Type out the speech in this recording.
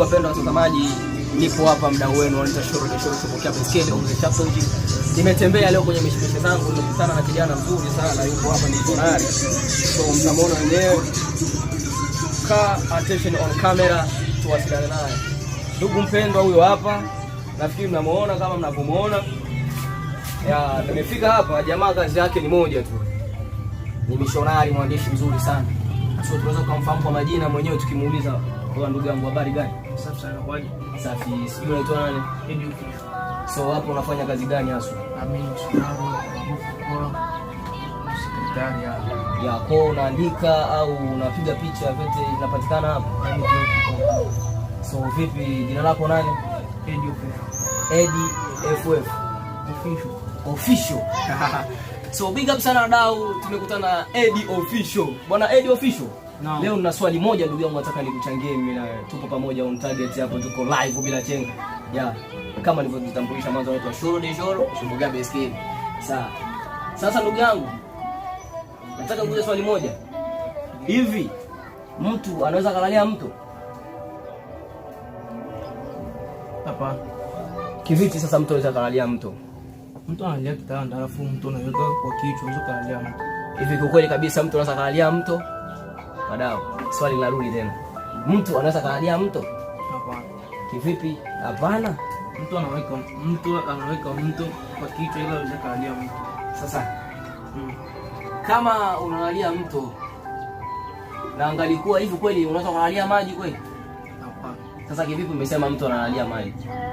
Wapenda watazamaji, nipo hapa mdau wenu wanaita Shoro de Shoro kupokea baiskeli au challenge. Nimetembea leo kwenye mishemishe zangu, nimekutana na kijana mzuri sana yuko hapa, ni Konari. So mtamwona leo, ka attention on camera, tuwasiliane naye. Ndugu mpendwa, huyo hapa, nafikiri mnamuona kama mnavyomuona. Ya, nimefika hapa, jamaa kazi yake ni moja tu, ni mishonari, mwandishi mzuri sana so tunaweza kumfahamu kwa majina mwenyewe tukimuuliza kwa ndugu yangu habari gani? Safi sana kwaje? Safi. Sijui unaitwa nani? Ndio. So hapo unafanya kazi gani hasa? kwa sekretari ya ya kwa unaandika au unapiga picha vyote vinapatikana hapo. So vipi jina lako nani? Ndio. Edi FF. Official. Official. So big up sana dau, tumekutana Edi Official. Bwana Edi Official. No. Leo nina swali moja ndugu yangu, nataka nikuchangie mimi na tupo pamoja on target hapo, tuko live bila chenga. Yeah. Kama nilivyojitambulisha mwanzo naitwa Shuru ni Shuru, Shumbuga Beskini. Sawa. Sasa ndugu yangu, nataka kuuliza swali moja. Hivi mtu anaweza kalalia mtu? Hapa. Kivipi sasa mtu anaweza kalalia mtu? Mtu analia kitanda alafu mtu anaweka kwa kichwa, anaweza kalalia mtu. Hivi kwa kweli kabisa mtu anaweza kalalia mtu? Wadau, swali linarudi tena, mtu anaweza kaadia mto? Hapana. Kivipi? Hapana. Mtu anaweka mtu anaweka mto kwa kichwa, ila anaweza kaadia mto. Sasa hmm, kama unalalia mto na angalikuwa hivi kweli, unaweza kaadia maji kweli? Hapana. Sasa kivipi umesema mtu analalia maji?